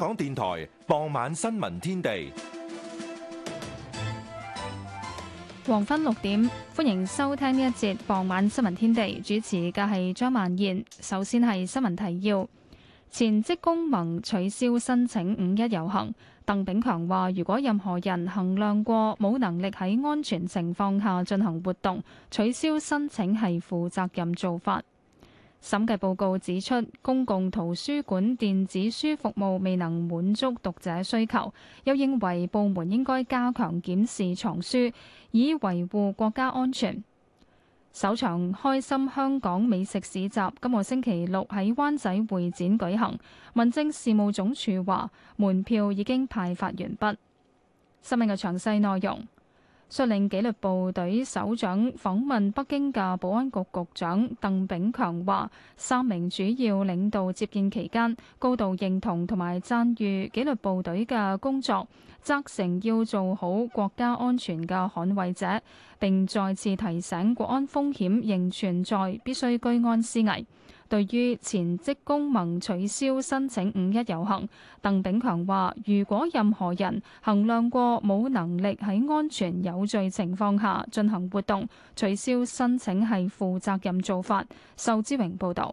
港電台傍晚新聞天地，黃昏六點，歡迎收聽呢一節傍晚新聞天地，主持嘅係張曼燕。首先係新聞提要，前職工盟取消申請五一遊行，鄧炳強話：如果任何人衡量過冇能力喺安全情況下進行活動，取消申請係負責任做法。審計報告指出，公共圖書館電子書服務未能滿足讀者需求，又認為部門應該加強檢視藏書，以維護國家安全。首場開心香港美食市集今個星期六喺灣仔會展舉行，民政事務總署話門票已經派發完畢。新聞嘅詳細內容。率領紀律部隊首長訪問北京嘅保安局局長鄧炳強話，三名主要領導接見期間，高度認同同埋讚譽紀律部隊嘅工作，責成要做好國家安全嘅捍衛者，並再次提醒國安風險仍存在，必須居安思危。對於前職工盟取消申請五一遊行，鄧炳強話：如果任何人衡量過冇能力喺安全有序情況下進行活動，取消申請係負責任做法。仇之榮報導。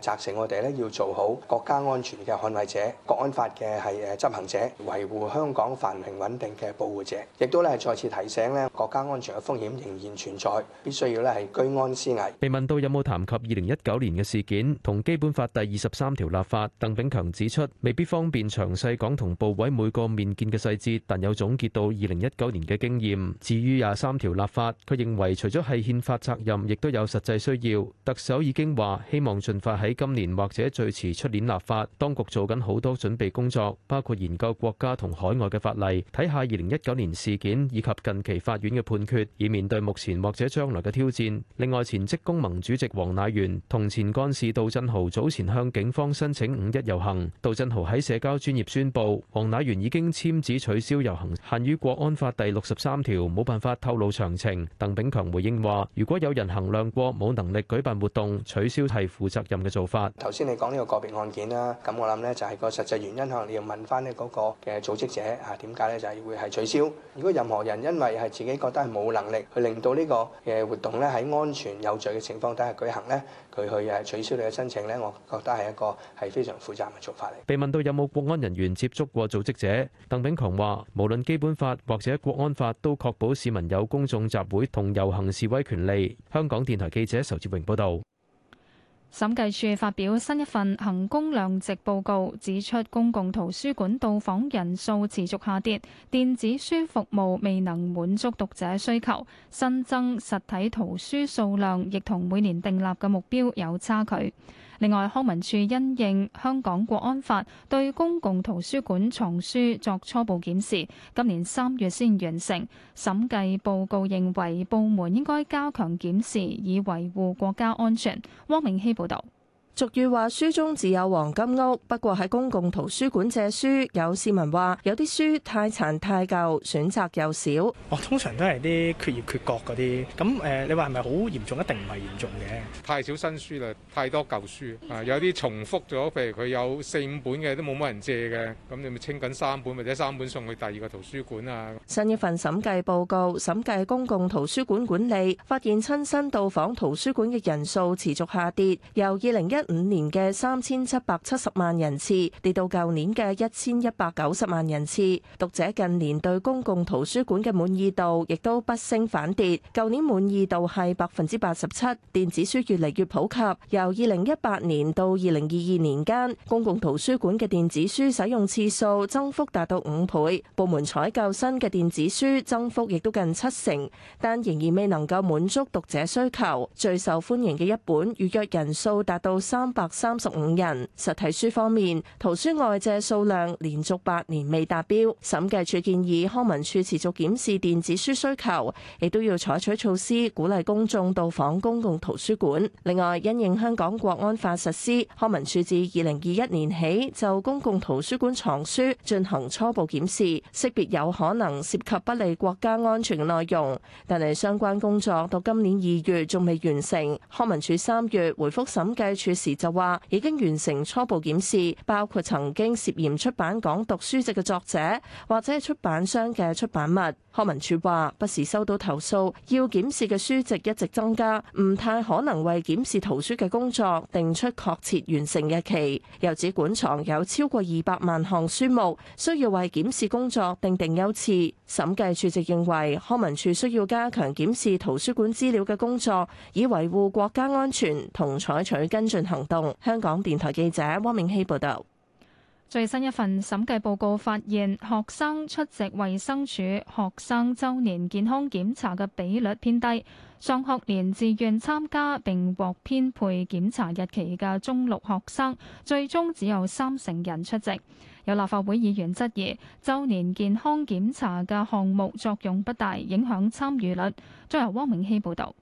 責成我哋咧要做好國家安全嘅捍衞者，國安法嘅係誒執行者，維護香港繁榮穩定嘅保護者。亦都咧再次提醒咧，國家安全嘅風險仍然存在，必須要咧係居安思危。被問到有冇談及2019年嘅事件同基本法第二十三條立法，鄧炳強指出未必方便詳細講同部委每個面見嘅細節，但有總結到2019年嘅經驗。至於廿三條立法，佢認為除咗係憲法責任，亦都有實際需要。特首已經話希望盡法喺今年或者最遲出年立法，當局做緊好多準備工作，包括研究國家同海外嘅法例，睇下二零一九年事件以及近期法院嘅判決，以面對目前或者將來嘅挑戰。另外，前職工盟主席黃乃元同前幹事杜振豪早前向警方申請五一遊行。杜振豪喺社交專業宣佈，黃乃元已經簽字取消遊行，限於國安法第六十三條，冇辦法透露詳情。鄧炳強回應話，如果有人衡量過冇能力舉辦活動，取消係負責人嘅做法。頭先你講呢個個別案件啦，咁我諗呢就係個實際原因，可能你要問翻呢嗰個嘅組織者啊，點解呢就係會係取消？如果任何人因為係自己覺得係冇能力去令到呢個嘅活動呢喺安全有序嘅情況底下舉行呢，佢去係取消你嘅申請呢，我覺得係一個係非常負責任嘅做法嚟。被問到有冇國安人員接觸過組織者，鄧炳強話：無論基本法或者國安法都確保市民有公眾集會同遊行示威權利。香港電台記者仇志榮報道。審計署發表新一份《衡工量值報告》，指出公共圖書館到訪人數持續下跌，電子書服務未能滿足讀者需求，新增實體圖書數量亦同每年訂立嘅目標有差距。另外，康文署因應香港國安法對公共圖書館藏書作初步檢視，今年三月先完成。審計報告認為部門應該加強檢視，以維護國家安全。汪明希報導。俗語話：書中自有黃金屋。不過喺公共圖書館借書，有市民話有啲書太殘太舊，選擇又少。我、哦、通常都係啲缺頁缺角嗰啲。咁誒、呃，你話係咪好嚴重？一定唔係嚴重嘅。太少新書啦，太多舊書。啊，有啲重複咗，譬如佢有四五本嘅都冇乜人借嘅，咁你咪清緊三本或者三本送去第二個圖書館啊。新一份審計報告審計公共圖書館管理，發現親身到訪圖書館嘅人數持續下跌，由二零一五年嘅三千七百七十萬人次，跌到舊年嘅一千一百九十萬人次。讀者近年對公共圖書館嘅滿意度亦都不升反跌，舊年滿意度係百分之八十七。電子書越嚟越普及，由二零一八年到二零二二年間，公共圖書館嘅電子書使用次數增幅達到五倍，部門採購新嘅電子書增幅亦都近七成，但仍然未能夠滿足讀者需求。最受歡迎嘅一本預約人數達到。三百三十五人。實體書方面，圖書外借數量連續八年未達標，審計處建議康文署持續檢視電子書需求，亦都要採取措施鼓勵公眾到訪公共圖書館。另外，因應香港國安法實施，康文署自二零二一年起就公共圖書館藏書進行初步檢視，識別有可能涉及不利國家安全嘅內容。但係相關工作到今年二月仲未完成。康文署三月回覆審計處時就話已經完成初步檢視，包括曾經涉嫌出版港獨書籍嘅作者或者係出版商嘅出版物。康文署話，不時收到投訴，要檢視嘅書籍一直增加，唔太可能為檢視圖書嘅工作定出確切完成日期。又指館藏有超過二百萬項書目，需要為檢視工作定定優次。審計處直認為康文署需要加強檢視圖書館資料嘅工作，以維護國家安全同採取跟進行動。香港電台記者汪明熙報道。最新一份審計報告發現學生出席衛生署學生周年健康檢查嘅比率偏低。上學年自願參加並獲編配檢查日期嘅中六學生，最終只有三成人出席。有立法會議員質疑周年健康檢查嘅項目作用不大，影響參與率。再由汪明熙報道。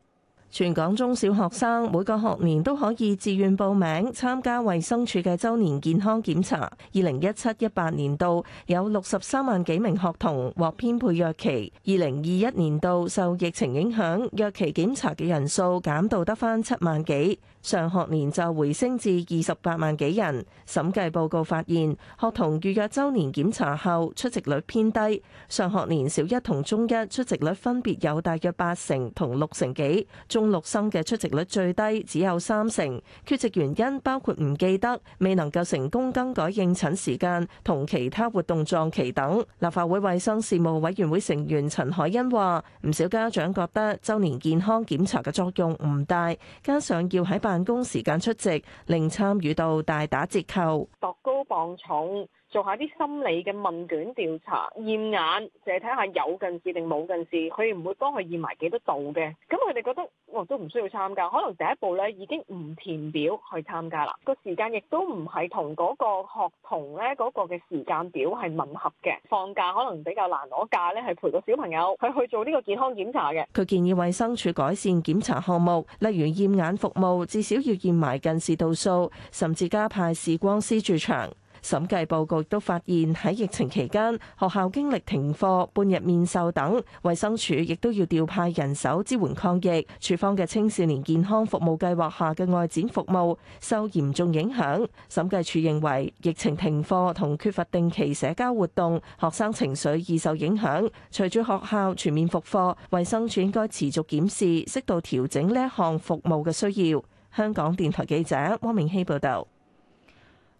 全港中小學生每個學年都可以自願報名參加衛生署嘅週年健康檢查。二零一七一八年度有六十三萬幾名學童獲編配約期，二零二一年度受疫情影響，約期檢查嘅人數減到得返七萬幾。上學年就回升至二十八萬幾人。審計報告發現，學童預約週年檢查後出席率偏低。上學年小一同中一出席率分別有大約八成同六成幾，中六生嘅出席率最低只有三成。缺席原因包括唔記得、未能夠成功更改應診時間、同其他活動撞期等。立法會衛生事務委員會成員陳凱欣話：唔少家長覺得週年健康檢查嘅作用唔大，加上要喺八辦公時間出席，令參與度大打折扣，度高磅重。做下啲心理嘅問卷調查、驗眼，就睇下有近視定冇近視。佢唔會幫佢驗埋幾多度嘅。咁佢哋覺得，我都唔需要參加。可能第一步咧已經唔填表去參加啦。個時間亦都唔係同嗰個學童咧嗰個嘅時間表係吻合嘅。放假可能比較難攞假咧，係陪個小朋友去去做呢個健康檢查嘅。佢建議衞生署改善檢查項目，例如驗眼服務，至少要驗埋近視度數，甚至加派視光師駐場。審計報告亦都發現喺疫情期間，學校經歷停課、半日面授等，衛生署亦都要調派人手支援抗疫。處方嘅青少年健康服務計劃下嘅外展服務受嚴重影響。審計署認為，疫情停課同缺乏定期社交活動，學生情緒易受影響。隨住學校全面復課，衛生署應該持續檢視、適度調整呢一項服務嘅需要。香港電台記者汪明希報導。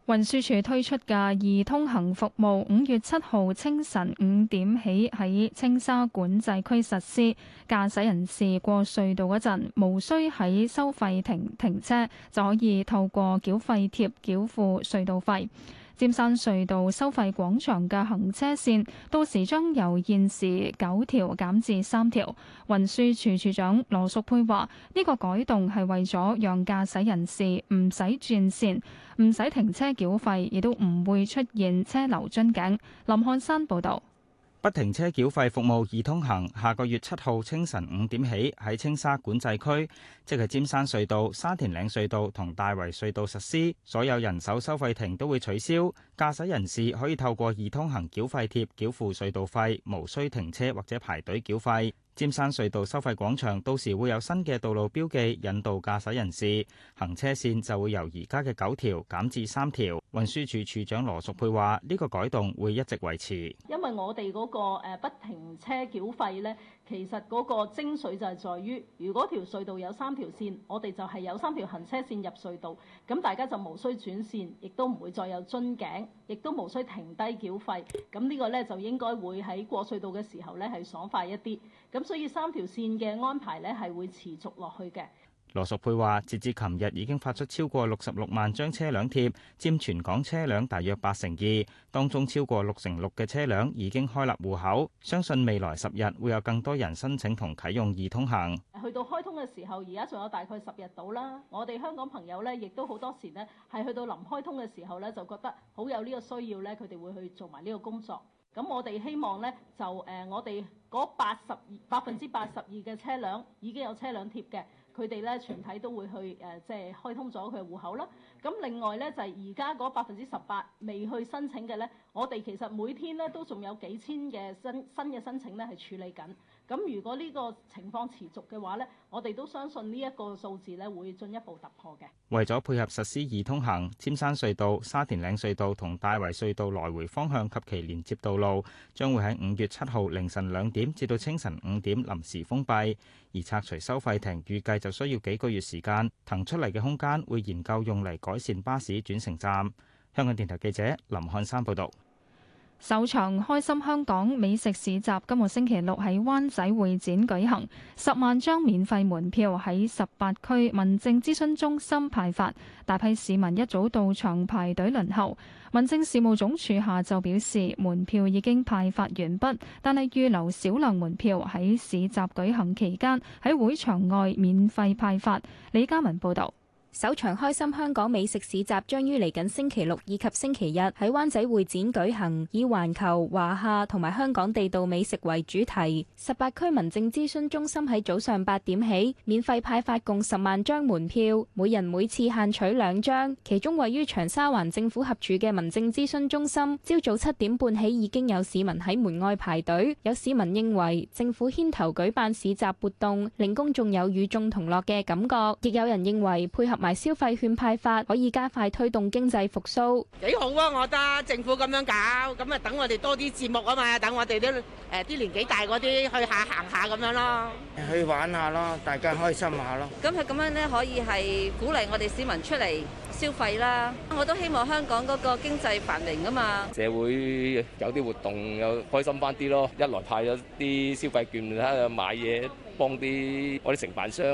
運輸署推出嘅易通行服務，五月七號清晨五點起喺青沙管制區實施，駕駛人士過隧道嗰陣，無需喺收費亭停,停車，就可以透過繳費貼繳付隧道費。尖山隧道收費廣場嘅行車線到時將由現時九條減至三條。運輸署署長羅淑佩話，呢個改動係為咗讓駕駛人士唔使轉線，唔使停車繳費，亦都唔會出現車流樽頸，林漢山報道。不停車繳費服務易通行，下個月七號清晨五點起，喺青沙管制區，即係尖山隧道、沙田嶺隧道同大圍隧道實施，所有人手收費亭都會取消，駕駛人士可以透過易通行繳費貼繳付隧道費，無需停車或者排隊繳費。尖山隧道收費廣場到時會有新嘅道路標記引導駕駛人士，行車線就會由而家嘅九條減至三條。運輸署署長羅淑佩話：呢個改動會一直維持，因為我哋嗰個誒不停車繳費咧。其實嗰個精髓就係在於，如果條隧道有三條線，我哋就係有三條行車線入隧道，咁大家就無需轉線，亦都唔會再有樽頸，亦都無需停低繳費，咁呢個呢，就應該會喺過隧道嘅時候呢係爽快一啲，咁所以三條線嘅安排呢係會持續落去嘅。羅淑佩話，截至琴日已經發出超過六十六萬張車輛貼，佔全港車輛大約八成二，當中超過六成六嘅車輛已經開立戶口。相信未來十日會有更多人申請同啟用易通行。去到開通嘅時候，而家仲有大概十日到啦。我哋香港朋友咧，亦都好多時咧，係去到臨開通嘅時候咧，就覺得好有呢個需要咧，佢哋會去做埋呢個工作。咁我哋希望咧，就誒我哋嗰八十二、百分之八十二嘅車輛已經有車輛貼嘅。佢哋咧，全體都會去誒、呃，即係開通咗佢嘅戶口啦。咁另外咧，就係而家嗰百分之十八未去申請嘅咧，我哋其實每天咧都仲有幾千嘅新新嘅申請咧，係處理緊。咁如果呢個情況持續嘅話咧，我哋都相信呢一個數字咧會進一步突破嘅。為咗配合實施易通行，尖山隧道、沙田嶺隧道同大圍隧道來回方向及其連接道路將會喺五月七號凌晨兩點至到清晨五點臨時封閉，而拆除收費亭預計就需要幾個月時間騰出嚟嘅空間會研究用嚟改善巴士轉乘站。香港電台記者林漢山報道。首場開心香港美食市集今個星期六喺灣仔會展舉行，十萬張免費門票喺十八區民政諮詢中心派發，大批市民一早到場排隊輪候。民政事務總署下晝表示，門票已經派發完畢，但係預留少量門票喺市集舉行期間喺會場外免費派發。李嘉文報導。首場開心香港美食市集將於嚟緊星期六以及星期日喺灣仔會展舉行，以環球、華夏同埋香港地道美食為主題。十八區民政諮詢中心喺早上八點起免費派發共十萬張門票，每人每次限取兩張。其中位於長沙灣政府合署嘅民政諮詢中心，朝早七點半起已經有市民喺門外排隊。有市民認為政府牽頭舉辦市集活動，令公眾有與眾同樂嘅感覺，亦有人認為配合。埋消費券派發可以加快推動經濟復甦，幾好啊！我覺得政府咁樣搞，咁啊等我哋多啲節目啊嘛，等我哋啲誒啲年紀大嗰啲去下行下咁樣咯，去玩下咯，大家開心下咯。咁佢咁樣咧可以係鼓勵我哋市民出嚟消費啦。我都希望香港嗰個經濟繁榮啊嘛。社會有啲活動又開心翻啲咯，一來派咗啲消費券，睇下買嘢。幫啲我啲承辦商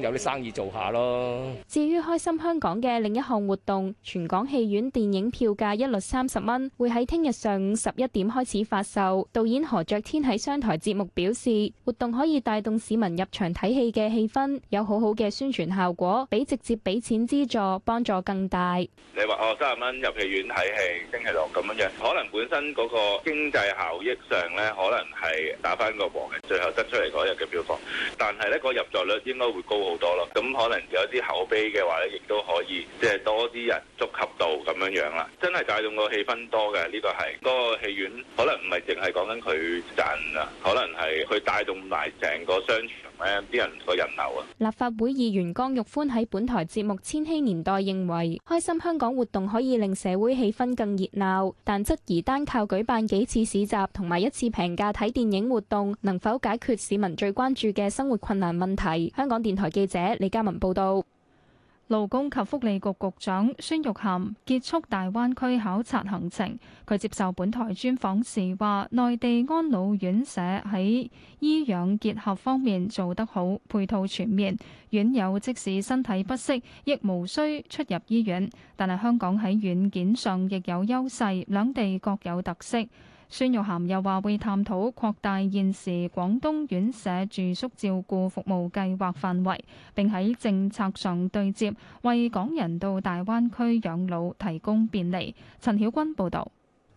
有啲生意做下咯。至於開心香港嘅另一項活動，全港戲院電影票價一律三十蚊，會喺聽日上午十一點開始發售。導演何爵天喺商台節目表示，活動可以帶動市民入場睇戲嘅氣氛，有好好嘅宣傳效果，比直接俾錢資助幫助更大。你話哦，三十蚊入戲院睇戲，星期六咁樣，可能本身嗰個經濟效益上咧，可能係打翻個和嘅，最後得出嚟嗰日嘅票房。但係咧，個入座率應該會高好多咯。咁可能有啲口碑嘅話咧，亦都可以即係多啲人觸及到咁樣樣啦。真係帶動個氣氛多嘅，呢個係嗰個戲院可能唔係淨係講緊佢賺啊，可能係佢帶動埋成個商場咧啲人個人流啊。立法會議員江玉歡喺本台節目《千禧年代》認為，開心香港活動可以令社會氣氛更熱鬧，但質疑單靠舉辦幾次市集同埋一次平價睇電影活動，能否解決市民最關注嘅生活困難問題。香港電台記者李嘉文報道，勞工及福利局局，局長孫玉菡結束大灣區考察行程。佢接受本台專訪時話，內地安老院舍喺醫養結合方面做得好，配套全面，院友即使身體不適亦無需出入醫院。但係香港喺軟件上亦有優勢，兩地各有特色。孫玉菡又話會探討擴大現時廣東院舍住宿照顧服務計劃範圍，並喺政策上對接，為港人到大灣區養老提供便利。陳曉君報導，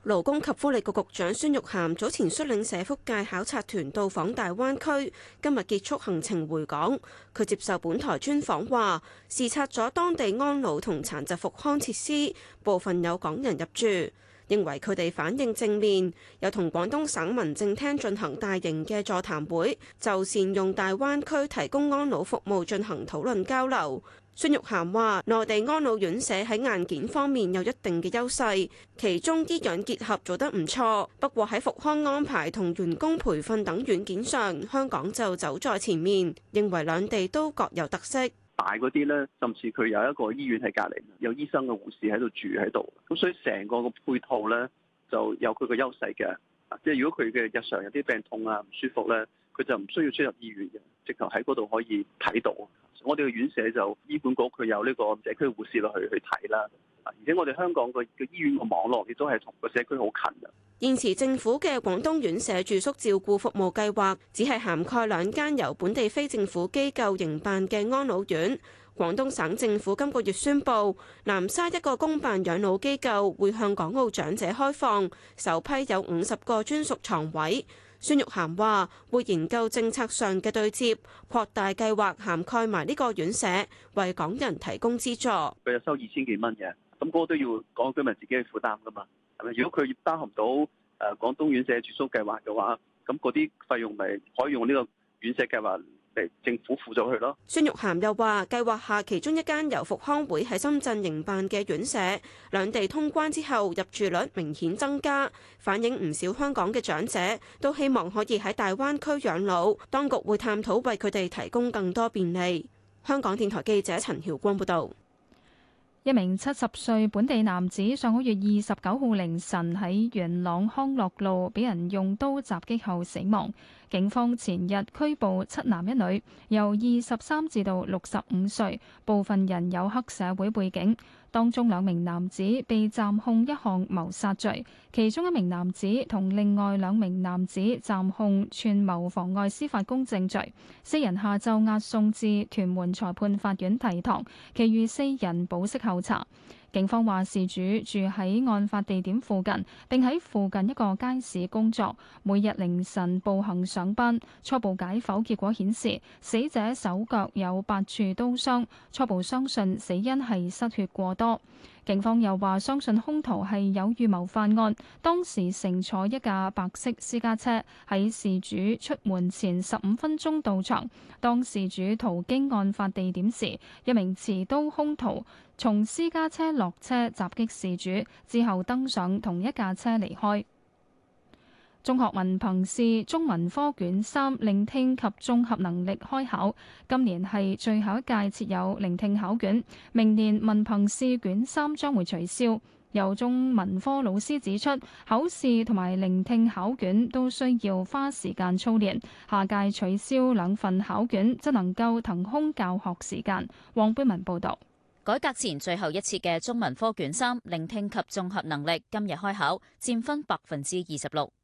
勞工及福利局局，局長孫玉菡早前率領社福界考察團到訪大灣區，今日結束行程回港。佢接受本台專訪話，視察咗當地安老同殘疾復康設施，部分有港人入住。認為佢哋反映正面，又同廣東省民政廳進行大型嘅座談會，就善用大灣區提供安老服務進行討論交流。孫玉菡話：內地安老院舍喺硬件方面有一定嘅優勢，其中醫養結合做得唔錯，不過喺復康安排同員工培訓等軟件上，香港就走在前面。認為兩地都各有特色。大嗰啲咧，甚至佢有一個醫院喺隔離，有醫生嘅護士喺度住喺度，咁所以成個嘅配套咧就有佢個優勢嘅，即係如果佢嘅日常有啲病痛啊唔舒服咧。佢就唔需要出入醫院嘅，直頭喺嗰度可以睇到。我哋嘅院舍就醫管局佢有呢個社區護士落去去睇啦。而且我哋香港個個醫院個網絡亦都係同個社區好近嘅。現時政府嘅廣東院舍住宿照顧服務計劃只係涵蓋兩間由本地非政府機構營辦嘅安老院。廣東省政府今個月宣布，南沙一個公辦養老機構會向港澳長者開放，首批有五十個專屬床位。孫玉菡話：會研究政策上嘅對接，擴大計劃涵蓋埋呢個院舍，為港人提供資助。佢要收二千幾蚊嘅，咁、那、嗰個都要港居民自己去負擔噶嘛？係咪？如果佢要包含到誒廣東院舍住宿計劃嘅話，咁嗰啲費用咪可以用呢個院舍計劃。政府輔助佢咯。孫玉涵又話：計劃下其中一間由復康會喺深圳營辦嘅院舍，兩地通關之後，入住率明顯增加，反映唔少香港嘅長者都希望可以喺大灣區養老。當局會探討為佢哋提供更多便利。香港電台記者陳曉光報道：「一名七十歲本地男子上個月二十九號凌晨喺元朗康樂路俾人用刀襲擊後死亡。警方前日拘捕七男一女，由二十三至到六十五歲，部分人有黑社會背景。當中兩名男子被暫控一項謀殺罪，其中一名男子同另外兩名男子暫控串謀妨礙司法公正罪。四人下晝押送至屯門裁判法院提堂，其餘四人保釋候查。警方話，事主住喺案發地點附近，並喺附近一個街市工作，每日凌晨步行上班。初步解剖結果顯示，死者手腳有八處刀傷，初步相信死因係失血過多。警方又話，相信兇徒係有預謀犯案，當時乘坐一架白色私家車喺事主出門前十五分鐘到場。當事主途經案發地點時，一名持刀兇徒從私家車落車襲擊事主，之後登上同一架車離開。中學文憑試中文科卷三聆聽及綜合能力開考，今年係最後一屆設有聆聽考卷，明年文憑試卷三將會取消。有中文科老師指出，考試同埋聆聽考卷都需要花時間操練，下屆取消兩份考卷，則能夠騰空教學時間。黃貝文報道，改革前最後一次嘅中文科卷三聆聽及綜合能力今日開考，占分百分之二十六。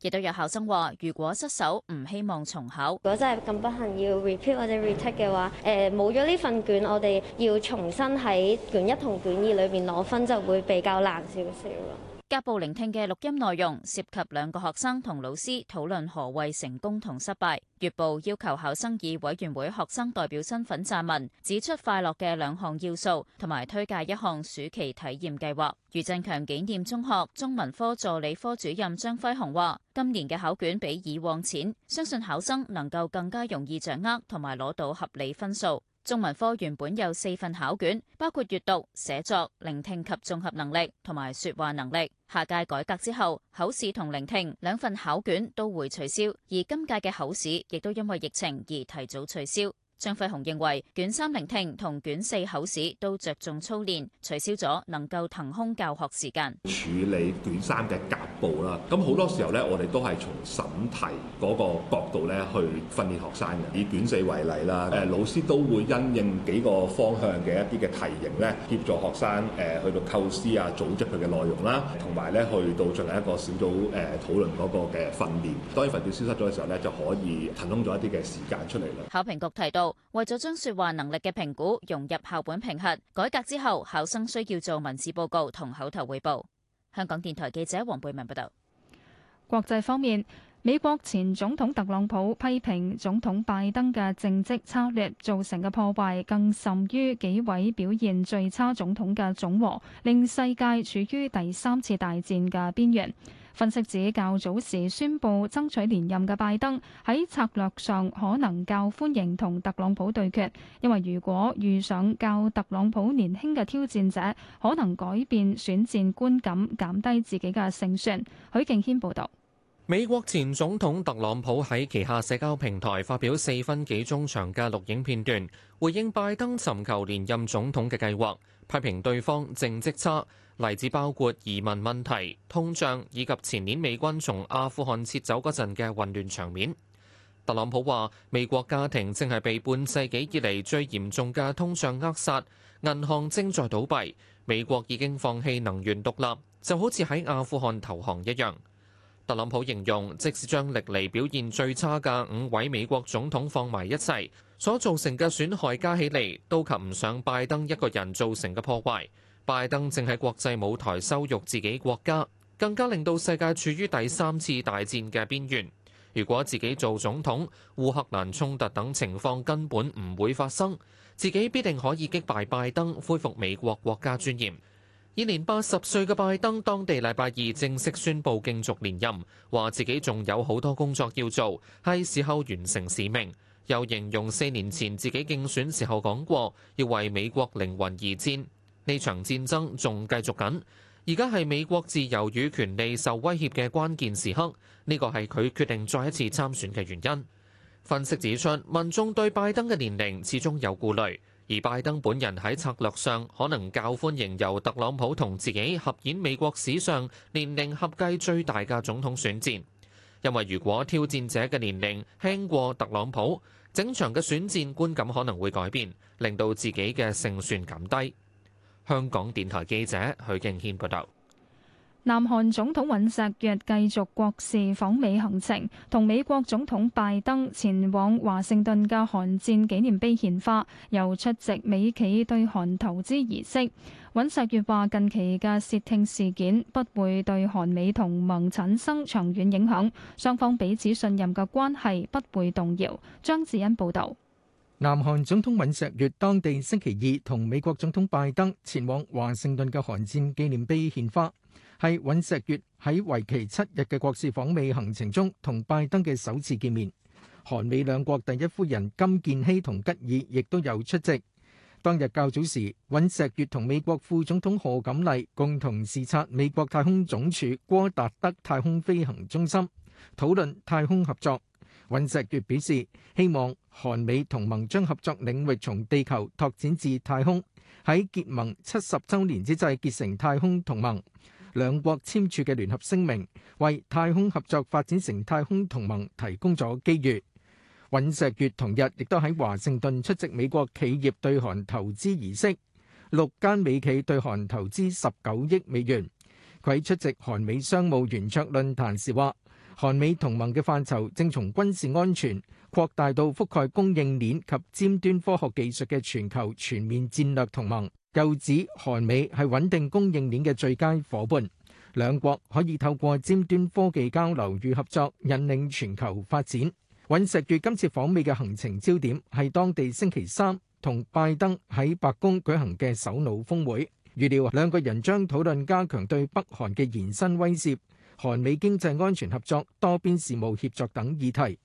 亦都有考生話，如果失手，唔希望重考。如果真係咁不幸要 repeat 或者 retake 嘅話，誒，冇咗呢份卷，我哋要重新喺卷一同卷二裏邊攞分，就會比較難少少咯。甲部聆聽嘅錄音內容涉及兩個學生同老師討論何謂成功同失敗。乙部要求考生以委員會學生代表身份撰文，指出快樂嘅兩項要素，同埋推介一項暑期體驗計劃。余振強紀念中學中文科助理科主任張輝雄話：今年嘅考卷比以往淺，相信考生能夠更加容易掌握，同埋攞到合理分數。中文科原本有四份考卷，包括閱讀、寫作、聆聽及綜合能力同埋說話能力。下屆改革之後，口試同聆聽兩份考卷都會取消，而今屆嘅口試亦都因為疫情而提早取消。張輝雄認為卷三聆聽同卷四口試都着重操練，取消咗能夠騰空教學時間。處理卷三嘅甲部啦，咁好多時候咧，我哋都係從審題嗰個角度咧去訓練學生嘅。以卷四為例啦，誒老師都會因應幾個方向嘅一啲嘅題型咧，協助學生誒去到構思啊，組織佢嘅內容啦，同埋咧去到進行一個小組誒討論嗰個嘅訓練。當呢份卷消失咗嘅時候咧，就可以騰空咗一啲嘅時間出嚟啦。考評局提到。為咗將說話能力嘅評估融入校本評核改革之後，考生需要做文字報告同口頭匯報。香港電台記者黃貝文報道。國際方面，美國前總統特朗普批評總統拜登嘅政績策略造成嘅破壞更甚於幾位表現最差總統嘅總和，令世界處於第三次大戰嘅邊緣。分析指，較早時宣布爭取連任嘅拜登喺策略上可能較歡迎同特朗普對決，因為如果遇上較特朗普年輕嘅挑戰者，可能改變選戰觀感，減低自己嘅勝算。許敬軒報道。美國前總統特朗普喺旗下社交平台發表四分幾鐘長嘅錄影片段，回應拜登尋求連任總統嘅計劃，批評對方政績差。例子包括移民問題、通脹以及前年美軍從阿富汗撤走嗰陣嘅混亂場面。特朗普話：美國家庭正係被半世紀以嚟最嚴重嘅通脹扼殺，銀行正在倒閉，美國已經放棄能源獨立，就好似喺阿富汗投降一樣。特朗普形容，即使將歷嚟表現最差嘅五位美國總統放埋一齊所造成嘅損害加起嚟，都及唔上拜登一個人造成嘅破壞，拜登正喺國際舞台羞辱自己國家，更加令到世界處於第三次大戰嘅邊緣。如果自己做總統，烏克蘭衝突等情況根本唔會發生，自己必定可以擊敗拜登，恢復美國國家尊嚴。已年八十歲嘅拜登，當地禮拜二正式宣布競逐連任，話自己仲有好多工作要做，係時候完成使命。又形容四年前自己競選時候講過，要為美國靈魂而戰。呢場戰爭仲繼續緊，而家係美國自由與權利受威脅嘅關鍵時刻，呢個係佢決定再一次參選嘅原因。分析指出，民眾對拜登嘅年齡始終有顧慮。而拜登本人喺策略上可能較歡迎由特朗普同自己合演美國史上年齡合計最大嘅總統選戰，因為如果挑戰者嘅年齡輕過特朗普，整場嘅選戰觀感可能會改變，令到自己嘅勝算減低。香港電台記者許敬軒報道。南韓總統尹錫悅繼續國事訪美行程，同美國總統拜登前往華盛頓嘅韓戰紀念碑獻花，又出席美企對韓投資儀式。尹錫悅話：近期嘅竊聽事件不會對韓美同盟產生長遠影響，雙方彼此信任嘅關係不會動搖。張志恩報導。南韓總統尹錫悅當地星期二同美國總統拜登前往華盛頓嘅韓戰紀念碑獻花。係尹石月喺為期七日嘅國事訪美行程中，同拜登嘅首次見面。韓美兩國第一夫人金建希同吉爾亦都有出席。當日較早時，尹石月同美國副總統何錦麗共同視察美國太空總署郭達德太空飛行中心，討論太空合作。尹石月表示，希望韓美同盟將合作領域從地球拓展至太空，喺結盟七十週年之際結成太空同盟。兩國簽署嘅聯合聲明，為太空合作發展成太空同盟提供咗機遇。尹錫悦同日亦都喺華盛頓出席美國企業對韓投資儀式，六間美企對韓投資十九億美元。佢出席韓美商務圓桌論壇時話，韓美同盟嘅範疇正從軍事安全擴大到覆蓋供應鏈及尖端科學技術嘅全球全面戰略同盟。又指韓美係穩定供應鏈嘅最佳夥伴，兩國可以透過尖端科技交流與合作，引領全球發展。尹錫悅今次訪美嘅行程焦點係當地星期三同拜登喺白宮舉行嘅首腦峰會，預料兩個人將討論加強對北韓嘅延伸威懾、韓美經濟安全合作、多邊事務協作等議題。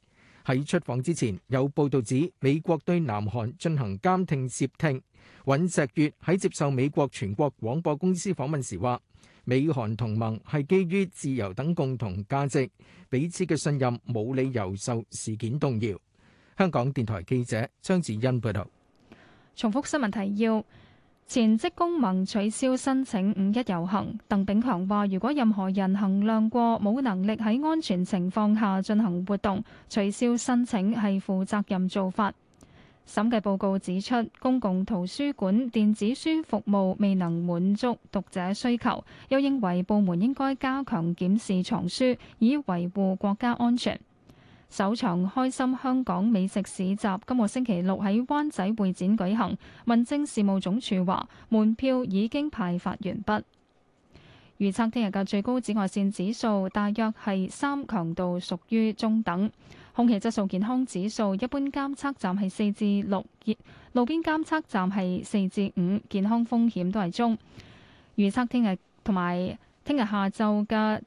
喺出訪之前，有報道指美國對南韓進行監聽竊聽，尹錫悅喺接受美國全國廣播公司訪問時話，美韓同盟係基於自由等共同價值，彼此嘅信任冇理由受事件動搖，香港電台記者張子欣報道。重複新聞提要。前職工盟取消申請五一遊行。鄧炳強話：如果任何人衡量過，冇能力喺安全情況下進行活動，取消申請係負責任做法。審計報告指出，公共圖書館電子書服務未能滿足讀者需求，又認為部門應該加強檢視藏書，以維護國家安全。首場開心香港美食市集今個星期六喺灣仔會展舉行，民政事務總署話門票已經派發完畢。預測聽日嘅最高紫外線指數大約係三強度，屬於中等。空氣質素健康指數一般監測站係四至六，熱路邊監測站係四至五，健康風險都係中。預測聽日同埋聽日下晝嘅。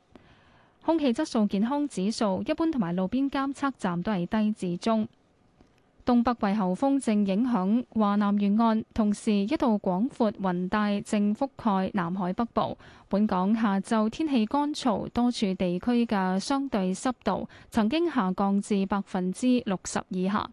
空氣質素健康指數一般，同埋路邊監測站都係低至中。東北季候風正影響華南沿岸，同時一道廣闊雲帶正覆蓋南海北部。本港下晝天氣乾燥，多處地區嘅相對濕度曾經下降至百分之六十以下。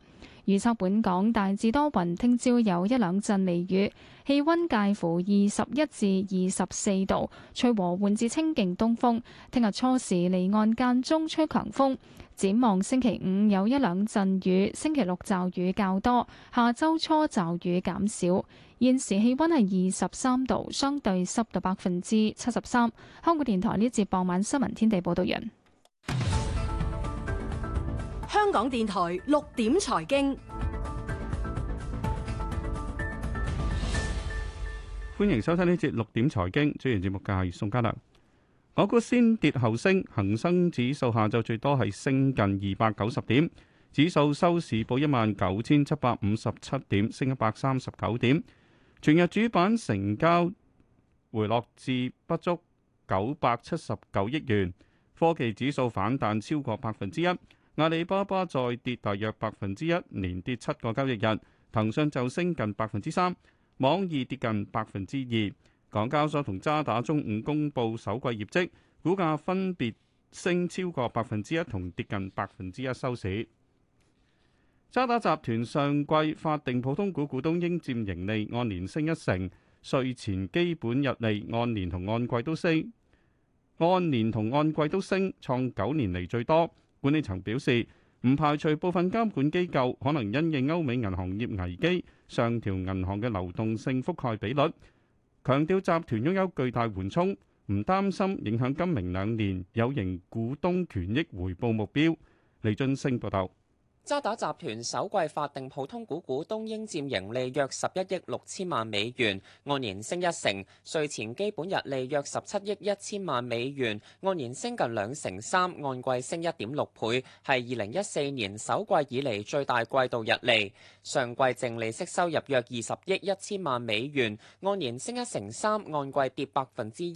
預測本港大致多雲，聽朝有一兩陣微雨，氣溫介乎二十一至二十四度，吹和緩至清勁東風。聽日初時離岸間中吹強風。展望星期五有一兩陣雨，星期六驟雨較多，下周初驟雨減少。現時氣溫係二十三度，相對濕度百分之七十三。香港電台呢節傍晚新聞天地報道完。香港電台六點財經，歡迎收聽呢節六點財經。主持節目嘅係宋嘉良。港股先跌後升，恒生指數下晝最多係升近二百九十點，指數收市報一萬九千七百五十七點，升一百三十九點。全日主板成交回落至不足九百七十九億元，科技指數反彈超過百分之一。阿里巴巴再跌大約百分之一，連跌七個交易日。騰訊就升近百分之三，網易跌近百分之二。港交所同渣打中午公布首季業績，股價分別升超過百分之一，同跌近百分之一收市。渣打集團上季法定普通股股東應佔盈利按年升一成，稅前基本溢利按年同按季都升，按年同按季都，都升，創九年嚟最多。管理層表示，唔排除部分監管機構可能因應歐美銀行業危機，上調銀行嘅流動性覆蓋比率。強調集團擁有巨大緩衝，唔擔心影響今明兩年有形股東權益回報目標。李俊升報道。渣打集團首季法定普通股股東應佔盈利約十一億六千萬美元，按年升一成，稅前基本溢利約十七億一千萬美元，按年升近兩成三，按季升一點六倍，係二零一四年首季以嚟最大季度溢利。上季淨利息收入約二十億一千萬美元，按年升一成三，按季跌百分之一。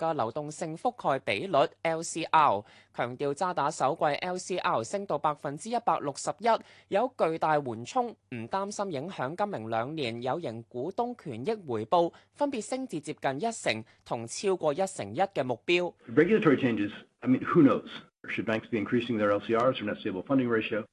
嘅流動性覆蓋比率 （LCR） 強調渣打首季 LCR 升到百分之一百六十一，有巨大緩衝，唔擔心影響今明兩年有形股東權益回報分別升至接近一成同超過一成一嘅目標。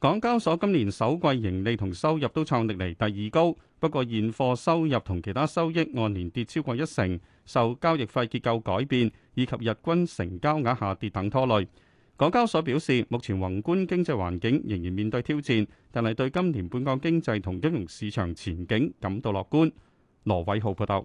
港交所今年首季盈利同收入都創歷來第二高，不過現貨收入同其他收益按年跌超過一成，受交易費結構改變以及日均成交額下跌等拖累。港交所表示，目前宏觀經濟環境仍然面對挑戰，但係對今年本港經濟同金融市場前景感到樂觀，羅偉浩報道。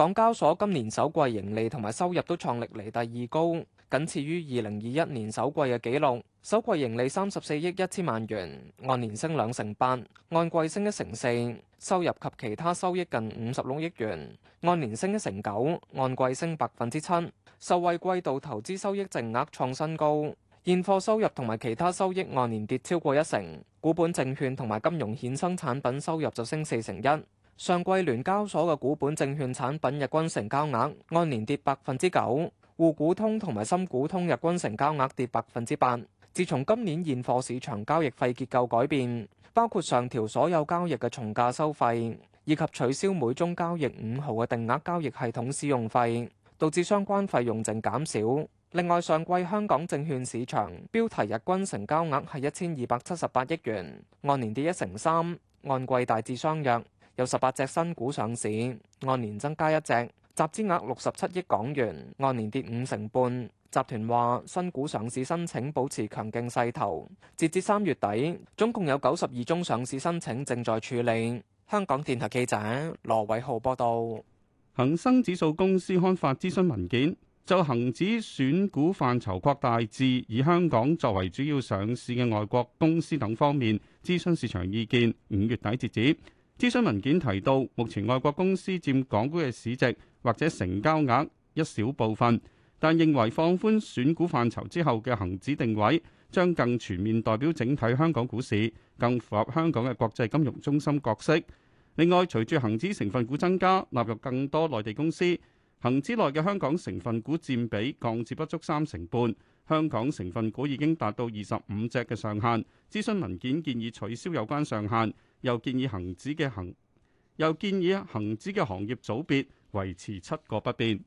港交所今年首季盈利同埋收入都創歷嚟第二高，僅次於二零二一年首季嘅紀錄。首季盈利三十四億一千萬元，按年升兩成八，按季升一成四。收入及其他收益近五十六億元，按年升一成九，按季升百分之七。受惠季度投資收益淨額創新高。現貨收入同埋其他收益按年跌超過一成，股本證券同埋金融衍生產品收入就升四成一。上季聯交所嘅股本證券產品日均成交額按年跌百分之九，滬股通同埋深股通日均成交額跌百分之八。自從今年現貨市場交易費結構改變，包括上調所有交易嘅從價收費，以及取消每宗交易五毫嘅定額交易系統使用費，導致相關費用淨減少。另外，上季香港證券市場標題日均成交額係一千二百七十八億元，按年跌一成三，按季大致相若。有十八隻新股上市，按年增加一隻，集資額六十七億港元，按年跌五成半。集團話新股上市申請保持強勁勢頭，截至三月底，總共有九十二宗上市申請正在處理。香港電台記者羅偉浩報道。恒生指數公司刊發諮詢文件，就恒指選股範疇擴大至以香港作為主要上市嘅外國公司等方面諮詢市場意見。五月底截止。諮詢文件提到，目前外國公司佔港股嘅市值或者成交額一小部分，但認為放寬選股範疇之後嘅恒指定位，將更全面代表整體香港股市，更符合香港嘅國際金融中心角色。另外，隨住恒指成分股增加，納入更多內地公司。恒指內嘅香港成分股佔比降至不足三成半，香港成分股已經達到二十五隻嘅上限。諮詢文件建議取消有關上限，又建議恒指嘅行又建議恆指嘅行業組別維持七個不變。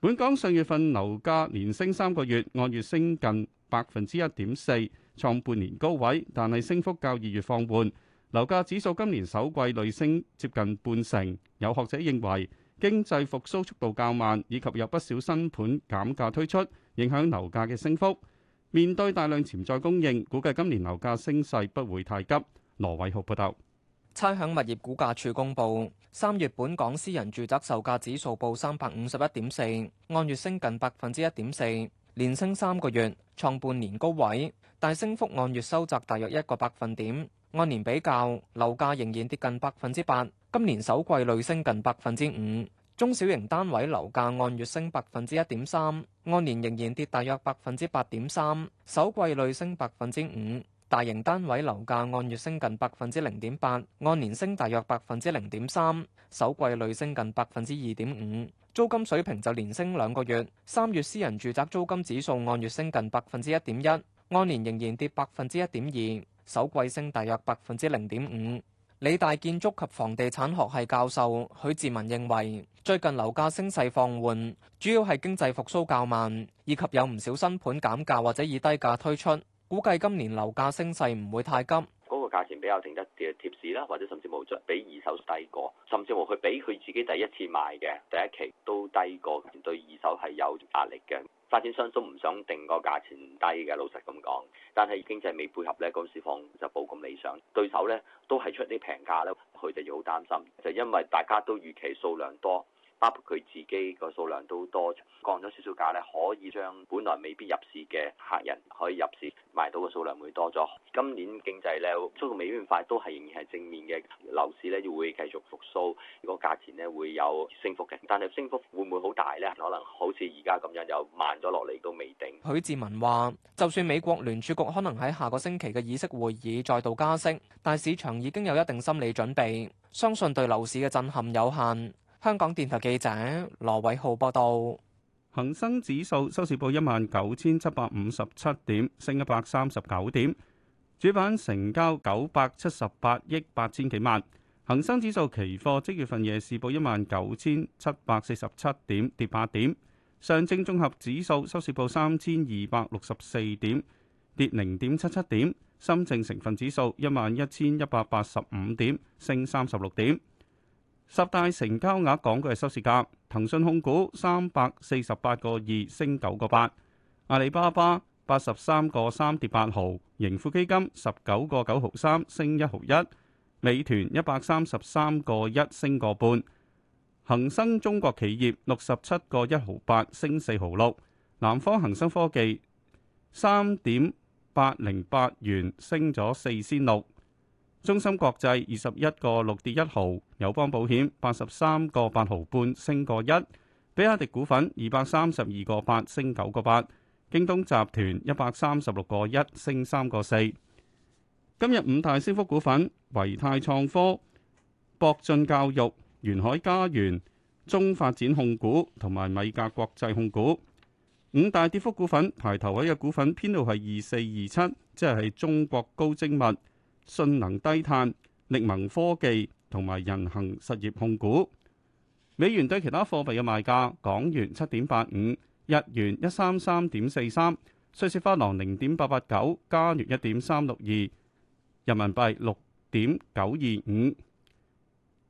本港上月份樓價連升三個月，按月升近百分之一點四，創半年高位，但係升幅較二月放緩。樓價指數今年首季累升接近半成，有學者認為，經濟復甦速度較慢，以及有不少新盤減價推出，影響樓價嘅升幅。面對大量潛在供應，估計今年樓價升勢不會太急。羅偉豪報道。差餉物業估價署公布，三月本港私人住宅售價指數報三百五十一點四，按月升近百分之一點四，連升三個月，創半年高位。但升幅按月收窄大約一個百分點，按年比較樓價仍然跌近百分之八。今年首季累升近百分之五，中小型單位樓價按月升百分之一點三，按年仍然跌大約百分之八點三，首季累升百分之五。大型單位樓價按月升近百分之零點八，按年升大約百分之零點三，首季累升近百分之二點五。租金水平就連升兩個月，三月私人住宅租金指數按月升近百分之一點一，按年仍然跌百分之一點二，首季升大約百分之零點五。理大建築及房地產學系教授許智文認為，最近樓價升勢放緩，主要係經濟復甦較慢，以及有唔少新盤減價或者以低價推出，估計今年樓價升勢唔會太急。嗰個價錢比較定得嘅貼市啦，或者甚至冇再比二手低過，甚至乎佢比佢自己第一次買嘅第一期都低過，對二手係有壓力嘅。發展商都唔想定個價錢低嘅，老實咁講。但係經濟未配合咧，嗰時放就冇咁理想。對手咧都係出啲平價咧，佢哋就好擔心，就因為大家都預期數量多。包括佢自己個數量都多，降咗少少價咧，可以將本來未必入市嘅客人可以入市買到嘅數量會多咗。今年經濟咧，速度未必快都係仍然係正面嘅樓市咧，就會繼續復甦，個價錢咧會有升幅嘅。但係升幅會唔會好大呢？可能好似而家咁樣又慢咗落嚟都未定。許志文話，就算美國聯儲局可能喺下個星期嘅議息會議再度加息，但市場已經有一定心理準備，相信對樓市嘅震撼有限。香港電台記者羅偉浩報道：恒生指數收市報一萬九千七百五十七點，升一百三十九點，主板成交九百七十八億八千幾萬。恒生指數期貨即月份夜市報一萬九千七百四十七點，跌八點。上證綜合指數收市報三千二百六十四點，跌零點七七點。深證成分指數一萬一千一百八十五點，升三十六點。十大成交額港股嘅收市價，騰訊控股三百四十八個二升九個八，阿里巴巴八十三個三跌八毫，盈富基金十九個九毫三升一毫一，美團一百三十三個一升個半，恒生中國企業六十七個一毫八升四毫六，南方恒生科技三點八零八元升咗四仙六。中芯國際二十一個六跌一毫，友邦保險八十三個八毫半升個一，比亞迪股份二百三十二個八升九個八，京東集團一百三十六個一升三個四。今日五大升幅股，股份：維泰創科、博進教育、沿海家園、中發展控股同埋米格國際控股。五大跌幅股份排頭位嘅股份編號係二四二七，即係中國高精密。信能低碳、力盟科技同埋人行實業控股。美元對其他貨幣嘅賣價：港元七點八五，日元一三三點四三，瑞士法郎零點八八九，加元一點三六二，人民幣六點九二五，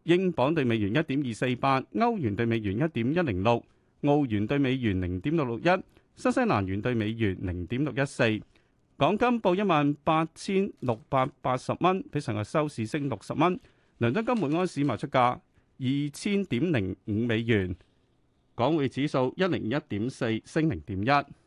英鎊對美元一點二四八，歐元對美元一點一零六，澳元對美元零點六六一，新西蘭元對美元零點六一四。港金報一萬八千六百八十蚊，比上日收市升六十蚊。倫敦金每安士賣出價二千點零五美元。港匯指數一零一點四，升零點一。